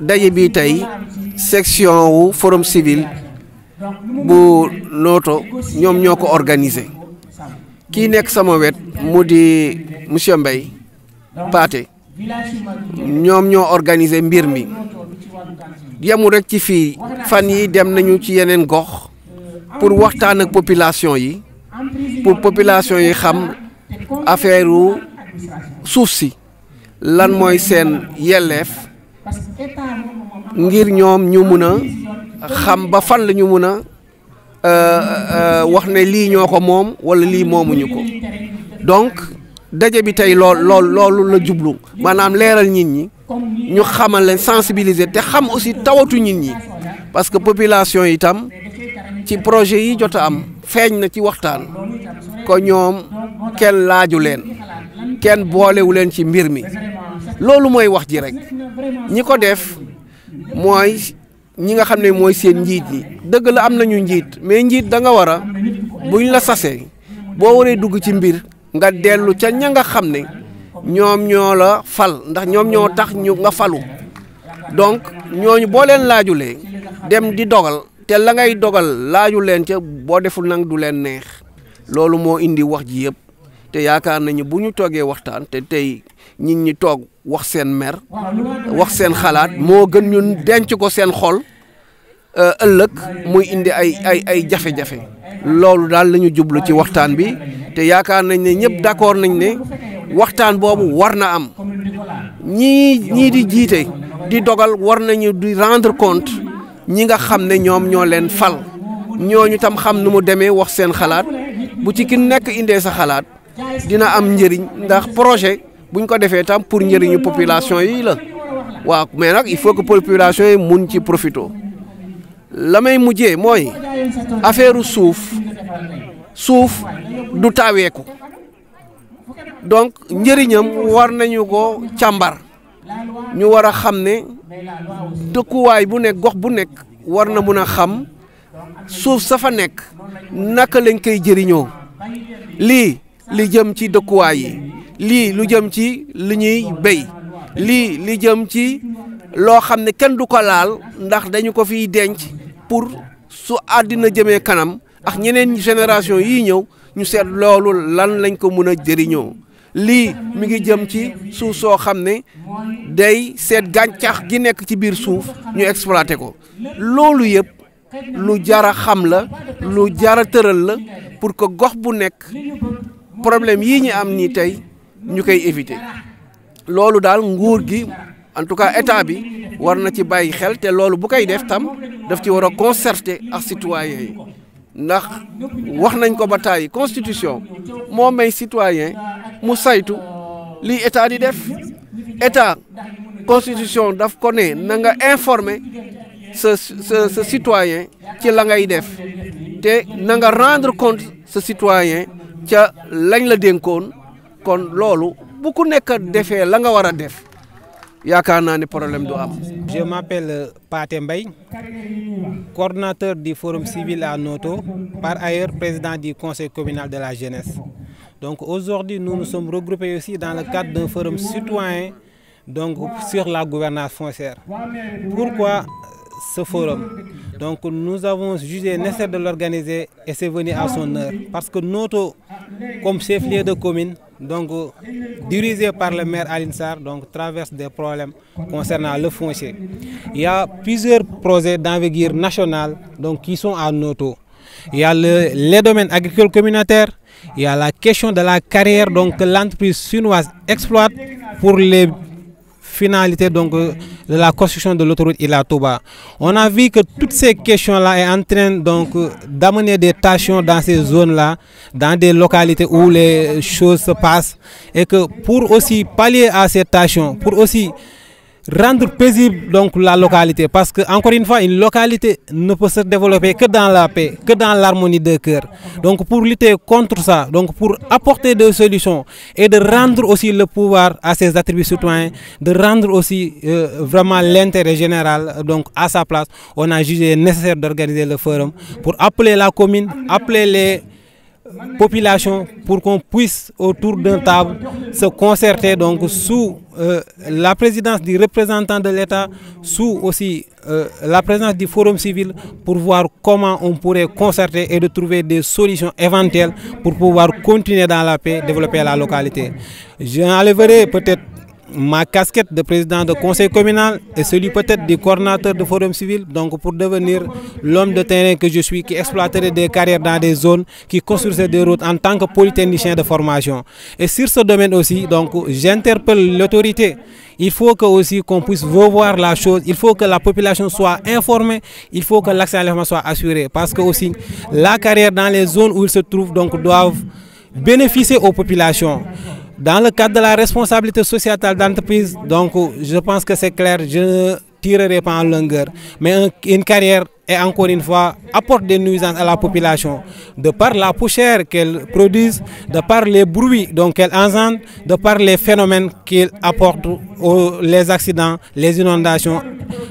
daje bi tey section wu forom civil bu Notto ñoom ñoo ko organisé kii nekk sama wet mu di monsieur Mbaye Paate ñoom ñoo organisé mbir mi yemul rek ci fii fan yi dem nañu ci yeneen gox pour waxtaan ak population yi pour population yi xam affaire suuf si lan mooy seen yelleef ngir ñoom ñu mun a xam ba fan la ñu mun a euh, euh, wax ne lii ñoo ko moom wala lii moomuñu ko donc daje bi tey lool lool la jublu maanaam leeral nit ñi ñu xamal leen sensibiliser te xam aussi tawatu nit ñi parce que population yi ci projet yi jot a am feeñ na ci waxtaan ko ñoom kenn laaju leen kenn boolewu leen ci mbir mi loolu mooy wax ji rek ñi ko def mooy ñi nga xam ne mooy seen njiit yi dëgg la am nañu njiit mais njiit da nga war a buñ la sasee boo waree dugg ci mbir nga dellu ca ña nga xam ne ñoom ñoo la fal ndax ñoom ñoo tax ñu nga falu donc ñooñu boo leen laajulee dem di dogal te la ngay dogal laaju leen ca boo deful nag du leen neex loolu moo indi wax ji yëpp te yaakaar nañu bu ñu toogee waxtaan te tey nit ñi toog wax seen mer wax seen xalaat moo gën ñun denc ko seen xol euh, ëllëg muy indi ay ay ay jafe-jafe loolu daal la ñu jublu ci waxtaan bi te yaakaar nañ ne ñëpp d'accord nañ ne waxtaan boobu war am ñii ñii di jiite di dogal war nañu di rendre compte ñi nga xam ne ñoom ñoo leen fal ñooñu tam xam nu mu demee wax seen xalaat bu ci ki nekk indee sa xalaat dina am njëriñ ndax projet buñ ko défé tam pour njëriñu population yi la wa mais nak il faut que population yi mën ci profito lamay mujjé moy affaireu souf souf du tawéku donc njëriñam war nañu ko chambar ñu wara xamné dëkkuwaay bu nek gox bu nek war na mëna xam suuf sa fa naka lañ koy jëriñoo lii li jëm ci dëkkuwaay yi lii lu jëm ci li ñuy béy lii li jëm ci loo xam ne kenn du ko laal ndax dañu ko fiy denc pour su àddina jëmee kanam ak ñeneen génération yii ñëw ñu seet loolu lan lañ ko mën a jëriñoo lii mi ngi jëm ci suuf soo xam ne day seet gàncax gi nekk ci biir suuf ñu exploité ko loolu yëpp lu jar a xam la lu jar a tëral la pour que gox bu nekk problème yii ñu am nii tey ñu koy éviter loolu daal nguur gi en tout cas état bi war na ci bàyyi xel te loolu bu koy def tam daf ci war a concerter ak citoyen yi ndax wax nañ ko ba tàyyi constitution moo may citoyen mu saytu li état di def état constitution daf ko ne na nga informer sa sa sa citoyen ci la ngay def te nanga nga rendre compte sa citoyen ca lañ la dénkoon bu problème je m'appelle Pat Mbaye coordonnateur du forum civil à Noto par ailleurs président du conseil communal de la jeunesse donc aujourd'hui nous nous sommes regroupés aussi dans le cadre d'un forum citoyen donc sur la gouvernance foncière pourquoi ce forum donc nous avons jugé nécessaire de l'organiser et c'est venu à son heure parce que Noto comme chef-lieu de commune donc dirigé par le maire Alinsar, donc traverse des problèmes concernant le foncier. Il y a plusieurs projets d'envergure nationale donc, qui sont à notre Il y a les domaines agricoles communautaires, il y a la question de la carrière donc, que l'entreprise chinoise exploite pour les finalité donc euh, de la construction de l'autoroute Ilatoba. On a vu que toutes ces questions-là sont en train donc euh, d'amener des tensions dans ces zones-là, dans des localités où les choses se passent et que pour aussi pallier à ces tensions, pour aussi rendre paisible donc la localité parce que encore une fois une localité ne peut se développer que dans la paix que dans l'harmonie de cœur donc pour lutter contre ça donc pour apporter des solutions et de rendre aussi le pouvoir à ses attributs citoyens de rendre aussi euh, vraiment l'intérêt général donc à sa place on a jugé nécessaire d'organiser le forum pour appeler la commune appeler les population pour qu'on puisse autour d'un table se concerter donc sous euh, la présidence du représentant de l'État, sous aussi euh, la présence du forum civil pour voir comment on pourrait concerter et de trouver des solutions éventuelles pour pouvoir continuer dans la paix, développer la localité. J'enlèverai peut-être ma casquette de président de conseil communal et celui peut-être du coordinateur de forum civil, donc pour devenir l'homme de terrain que je suis, qui exploiterait des carrières dans des zones, qui construisait des routes en tant que polytechnicien de formation. Et sur ce domaine aussi, donc j'interpelle l'autorité. Il faut que aussi qu'on puisse revoir la chose, il faut que la population soit informée, il faut que l'accès à l'information soit assuré, parce que aussi la carrière dans les zones où ils se trouvent donc doivent bénéficier aux populations. Dans le cadre de la responsabilité sociétale d'entreprise, donc je pense que c'est clair, je ne tirerai pas en longueur, mais une carrière et encore une fois apporte des nuisances à la population de par la poussière qu'elle produisent, de par les bruits qu'elles engendrent, de par les phénomènes qu'elle apporte, les accidents, les inondations,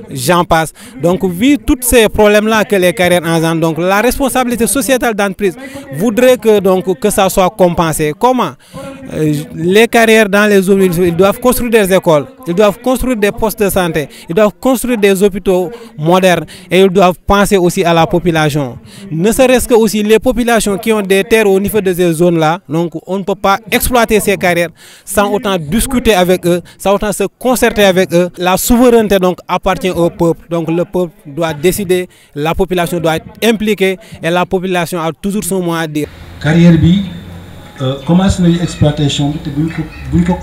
j'en passe. Donc vu tous ces problèmes-là que les carrières engendrent, donc la responsabilité sociétale d'entreprise voudrait que, donc, que ça soit compensé. Comment euh, les carrières dans les zones, ils doivent construire des écoles, ils doivent construire des postes de santé, ils doivent construire des hôpitaux modernes et ils doivent penser aussi à la population. Ne serait-ce que aussi les populations qui ont des terres au niveau de ces zones-là, donc on ne peut pas exploiter ces carrières sans autant discuter avec eux, sans autant se concerter avec eux. La souveraineté donc appartient au peuple, donc le peuple doit décider, la population doit être impliquée et la population a toujours son mot à dire. Carrière B, euh, commence exploitation l'exploitation?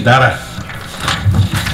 te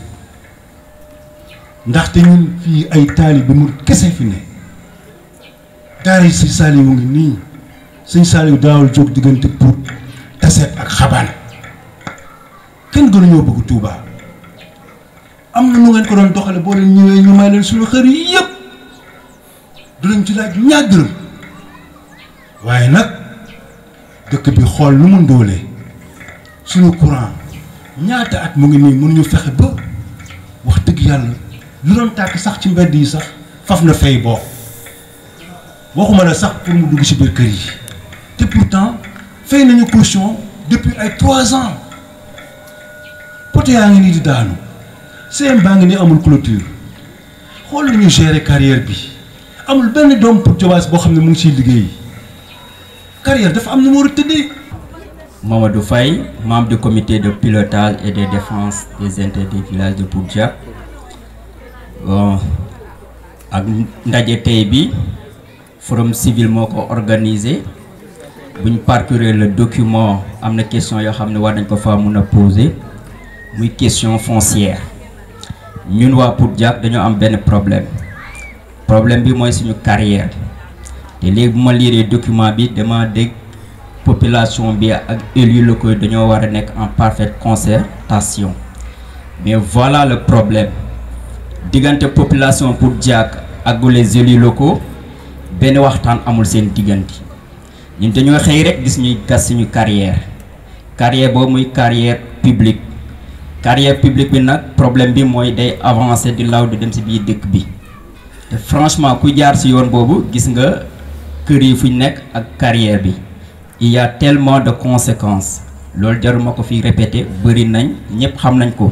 ndaxte ñun fii ay taalibe mu kese fi ne daara yi sëñ Saaliwu ngi nii sëñ Saaliwu daawul jóg diggante pour taseet ak xabaan kenn gënuñoo bëgg tuuba am na nu ngeen ko doon doxale boo leen ñëwee ñu may leen suñu xër yi du lañ ci laaj ñaar dërëm waaye nag dëkk bi xool lu mu ndóolee suñu courant ñaata at mu ngi nii mënuñu fexe ba wax dëgg yàlla lu doon tàkk sax ci mbedd yi sax faf na fay boo waxuma la sax pour mu dugg ci biir kër yi te pourtant fay nañu caution depuis ay trois ans pote yaa ngi nii di daanu CM baa ngi nii amul clôture xool nañu gérer carrière bi amul benn doom pour Jobaas boo xam ne mu ngi ciy liggéey carrière dafa am numéro mu tëddee. Mamadou Faye membre du comité de pilotage et de défense des intérêts du village de Poudjak Oh, ak ndaje tay bi forum civil moko organiser buñ parcourir le document amna question yo xamné ne posées ko fa mun poser muy question foncière ñun wa pour dañu am ben problème problème bi moy suñu carrière té léegi lire ma document bi dama dégg population bi ak élus locaux dañoo en parfaite concertation mais voilà le problème diganté population pour diak ak les élus locaux ben waxtan amul sen diganté ñun dañu xey rek gis ñuy gas ñu carrière carrière bo muy carrière publique carrière publique bi nak problème bi moy day avancer di laud di dem ci bi dekk bi te franchement ku jaar ci yoon bobu gis nga kër yi fuñ nek ak carrière bi il y a tellement de conséquences lol jaruma ko fi répété bari nañ ñëpp xam nañ ko.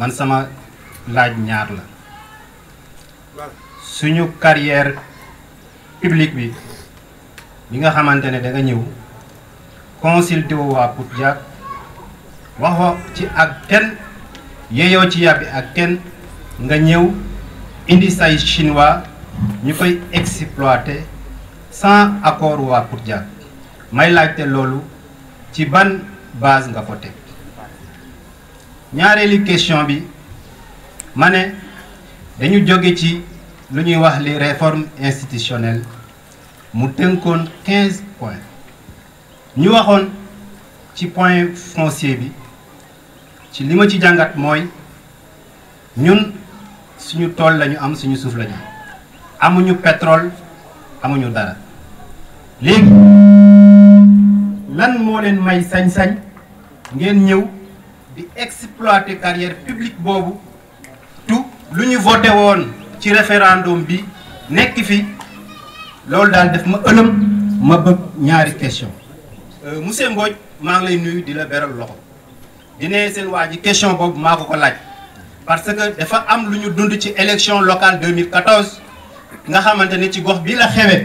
man sama laaj ñaar la suñu carrière public bi bi nga xamantene da nga ñew consulter wa pour jaak wax wax ci ak ten yeyo ci yabi ak ten nga ñew indi say chinois ñukoy exploiter sans accord wa pour jaak may laajte lolu ci ban base nga ko tek ñaareeli question bi ma ne dañu jóge ci lu ñuy wax li réforme institutionnelle mu tënkoon quinze ñu waxoon ci point foncier bi ci li ma ci jàngat mooy ñun suñu tool lañu am suñu suuf lañu amuñu pétrole amuñu dara léegi lan moo leen may sañ-sañ ngeen ñëw di exploiter carrière publique bobu tout lu ñu voté won ci référendum bi nek fi loolu dal def ma ëlëm ma bëgg ñaari question euh, monsieur Mbodj ma ngi lay nuyu di la beral loxo di né sen waji question boobu maa ko laaj parce que dafa am lu ñu dund ci élection locale 2014 nga xamante ci gox bi la xewé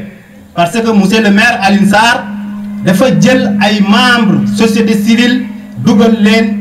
parce que monsieur le maire Alioune Sarr dafa jël ay membres société civile dugal leen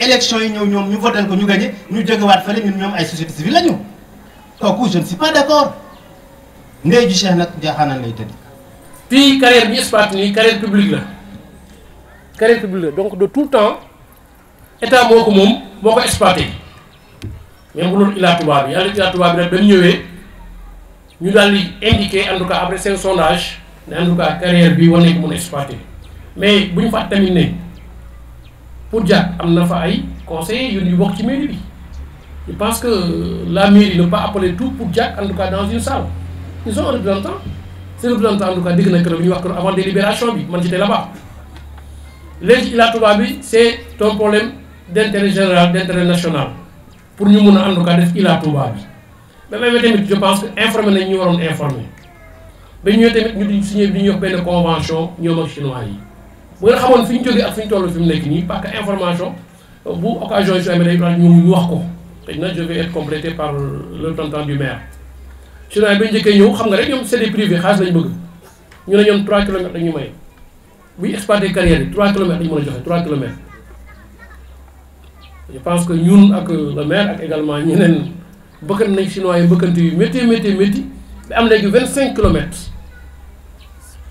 élection yi ñëw ñoom ñu voté ko ñu gagné ñu jógewaat fële ñun ñom ay société civile la ñu kooku je ne suis pas d'accord accord ndey ju Cheikh nag jaaxaanal lay tëdd. fi carrière bi espace ni carrière publique la carrière publique la donc de tout temps état moko mom moom moo ko exploité même bu doon Ila Touba bi yalla Ila Touba bi rek ba ñëwé ñu dal li indiquer en tout cas après seen sondage en tout cas carrière bi woné ko mën a mais buñu ñu fàtte tamit ne pour il am na fa ay conseillers yu ñu bokk ci mairie bi je pense que euh, la mairie ne pas appelé tout pour Jack, en tout cas dans une salle ils ont un représentant seen représentant en tout cas dégg na keroog ñu wax avant délibération bi man j'étais là-bas léegi a Touba bi c'est un problème d'intérêt général d'intérêt national pour ñu mun a en tout cas def a Touba bi. ba may tamit je pense que informer nañ ñu waroon informer ba tamit ñu signé bi ñu wax benn convention ñoom ak chinois bu ngeen xamoon fi ñu jógee ak fi ñu toll fi mu nekk nii parce que information euh, bu occasion yi su amee day ñu ñu wax ko xëy na je vais être complété par le tonton du maire. journal bi ñu njëkkee ñëw xam nga rek ñoom c'est des privés xaalis lañ bëgg ñu ne ñoom 3 kilomètres la ñu may buy exploité carrière yi 3 kilomètres la ñu mën a joxe 3 kilomètres. je pense que ñun ak le maire ak également ñeneen bëkkante nañ chinois yi bëkkante yu métti métti métti am léegi 25 kilomètres.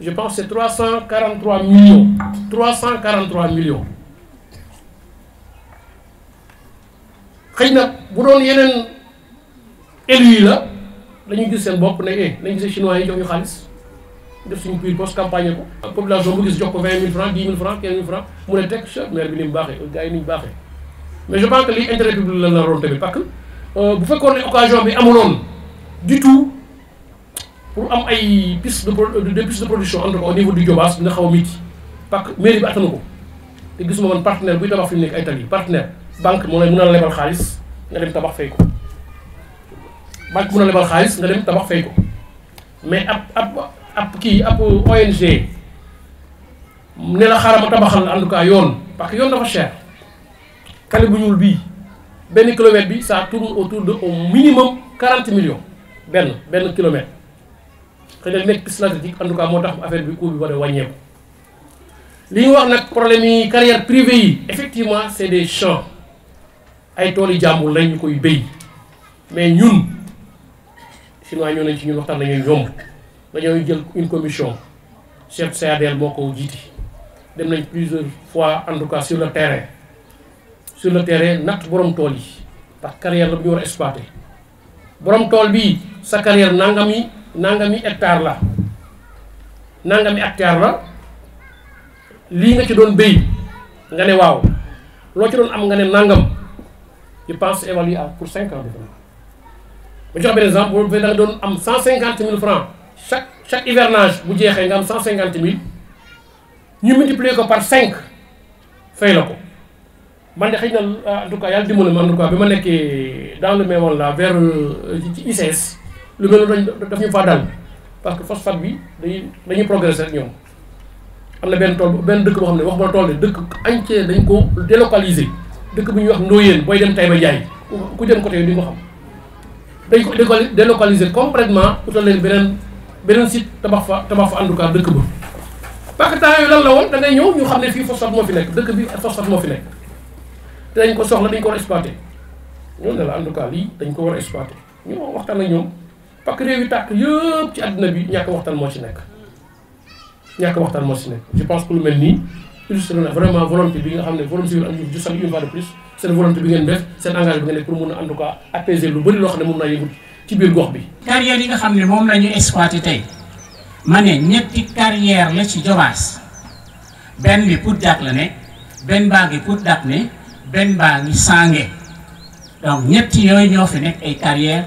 je pense que c'est 343 millions. 343 millions. xeyna bu doon yeneen élu yi la dañuy gis seen bopp ne eh nañ gis chinois yi jox ñu xaalis def suñu puir poche campagne ko population bu gis jox ko 20 000 francs 10 000 francs 15 000 francs mu ne teg sa maire bi ni mu baaxee gars yi ni mu baaxee mais je pense que lii intérêt public la la roon tamit parce que euh, bu fekkoon ne occasion bi amuloon du tout pour am ay piste de euh, des pistes de production entre na au niveau du jobas dina xaw a pak mairie bi atana ko te gisuma man partenaire buy tabax fi nek ay tali partenaire banque mo lay mën a lebal xaalis nga dem tabax fay ko banque mën lebal xaalis nga dem tabax fay ko mais ap ap ap ki ap ONG nela xaram tabaxal en tout cas yoon parce que yoon dafa cher kali bu ñuul bi ben kilomètre bi ça tourne autour de au minimum 40 millions ben ben kilomètre xëy na nekk stratégique en tout cas moo tax affaire bi coût bi war a ko li ñu wax nag problème yi carrière privée yi effectivement c'est des champs ay tool yi lañ ñu koy béy mais ñun chinois ñoo nañ ci ñun waxtaan nañu yomb dañoo jël une commission chef CADL moo ko jiiti dem nañ plusieurs fois en tout cas sur le terrain sur le terrain natt borom tool yi ndax carrière la bu ñu war a exploité borom tool bi sa carrière nangam yi nangami hectare la nangami hectare la li nga ci doon béy nga ne waaw lo ci doon am nga ne nangam je pense évaluer à pour cinq ans defe ma jox benn exemple boo da nga doon am cent cinquante francs chaque chaque hivernage bu jexé nga am cent cinquante ñu multiplier ko par 5 fay la ko man de xëy na en tout cas yalla dimbali man en tout cas bima nekké dans le même là vers euh, ci ICS lu mel dañ daf ñu faa dal parce que phosphate bi dañuy dañuy progresser rek ñoom am na benn tool benn dëkk boo xam ne wax ma tool ne dëkk entier dañ ko délocaliser dëkk bu ñuy wax Ndoyeen booy dem Taïba Ndiaye ku dem côté di nga xam dañ ko délocaliser complètement utal leen beneen beneen site tabax fa tabax fa en tout cas dëkk ba parce que temps yooyu lan la woon da ngay ñëw ñu xam ne fii phosphate moo fi nekk dëkk bi phosphate moo fi nekk te dañ ko soxla dañ ko war a ñoom ne la en tout dañ ko war a exploiter ñu waxtaan ak ñoom parce que réew yi tàkk yëpp ci àddina bi ñàkk waxtaan moo ci nekk ñàkk waxtaan moo ci nekk je pense que lu mel nii illustré na vraiment volonté bi nga xam ne volonté bi am ñu ngeen def seen engagement bi ngeen def pour mun a en tout cas apaiser lu bëri loo xam ne mun naa yëngu ci biir gox bi carrière yi nga xam ne moom la ñu exploité tey ma ne ñetti carrière la ci Jobaas benn bi pour dàq la ne benn baa ngi pour dàq ne benn baa ngi sànge donc ñetti yooyu ñoo ay carrière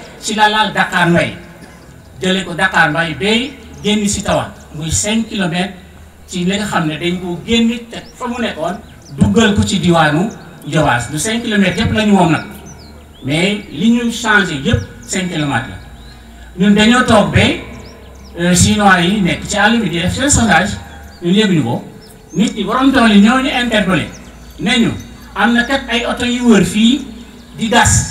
ci la laal Dakar Mbaye jëlee ko Dakar Mbaye bay génn si tawaan muy 5 kilomètres ci li nga xam ne dañ koo génn te fa mu nekkoon duggal ko ci diwaanu Diobass du cinq kilomètres yëpp la ñu moom nag mais li ñu changé yëpp 5 kilomètres la ñun dañoo toog ba euh, chinois yi nekk ci àll bi di def seen sondage ñun ko nit ñi borom tool yi ñoo ñu interpellé ne ñu am na kat ay oto yu wër fii di gas.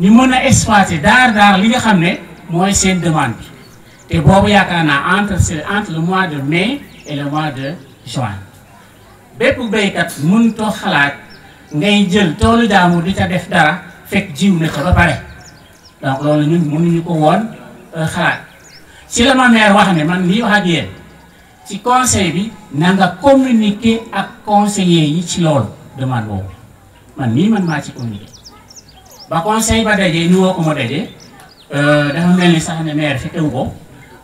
ñu mën a exploiter daar daar li nga xam ne mooy seen demande bi te boobu yaakaar naa entre c'est entre le mois de mai et le mois de juin bépp béykat mënutoo xalaat ngay jël toolu jaamu di ca def dara fekk jiw na ca ba pare donc loolu ñun mënuñu ko woon euh, xalaat si la ma maire wax ne man lii wax ak yéen ci conseil bi na nga ak conseillers yi ci loolu demande boobu man nii man maa ci communiquer ba conseil ba dajee ni ko ma dajee euh, dafa mel ni sax ne maire fekkewu ko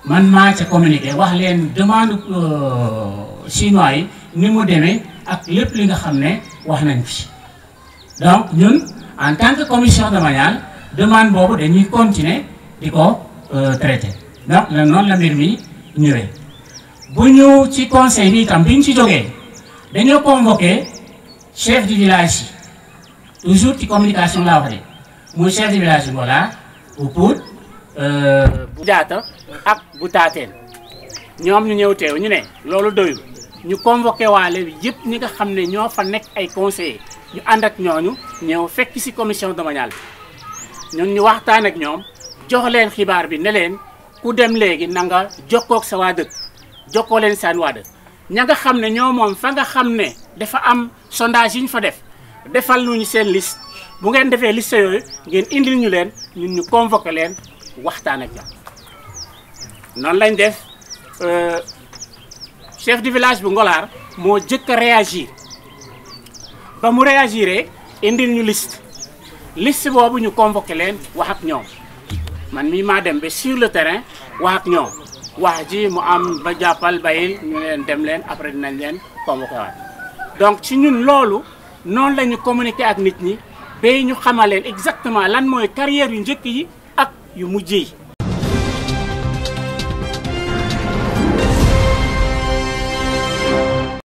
man maa ca communiqué wax leen demande euh, chinois yi ni mu demee ak lépp li nga xam ne wax nañ fi donc ñun en tant que commission domaniale demande boobu dañuy continuer di ko euh, traité donc la noonu la mbir mi ñëwee bu ñu ci conseil bi itam bi ñu ci jógee dañoo convoqué chef du village yi toujours ci communication laa wax de muy chef de bu Pout bu jaata ak bu taateen ñoom ñu ñëw teew ñu ne loolu doyul ñu convoqué waale yëpp ñi nga xam ne ñoo fa nekk ay conseillers ñu ànd ak ñooñu ñëw fekk ci commission domaniale bi ñun ñu waxtaan ak ñoom joxleen xibaar bi ne leen ku dem léegi na nga jokkoog sa waa dëkk jokkoo leen saan waa dëkk ña nga xam ne ñoo moom fa nga xam ne dafa am sondage yu ñu fa def defal luñu seen liste bu ngeen defee liste yooyu ngeen indil ñu leen ñun ñu convoqué leen waxtaan ak ñoom noonu lañ def euh, chef du village bu ngolaar moo jëkk réagir ba mu réagiré indil ñu liste liste boobu ñu convoqué leen wax ak ñoom man mii maa dem ba sur le terrain wax ak ñoom wax ji mu am ba jàppal bayil ñu leen dem leen après dinañ leen convoqué waat donc ci ñun loolu noonu la ñu ak nit ñi bay ñu exactement lan mooy carrière yu njëkk yi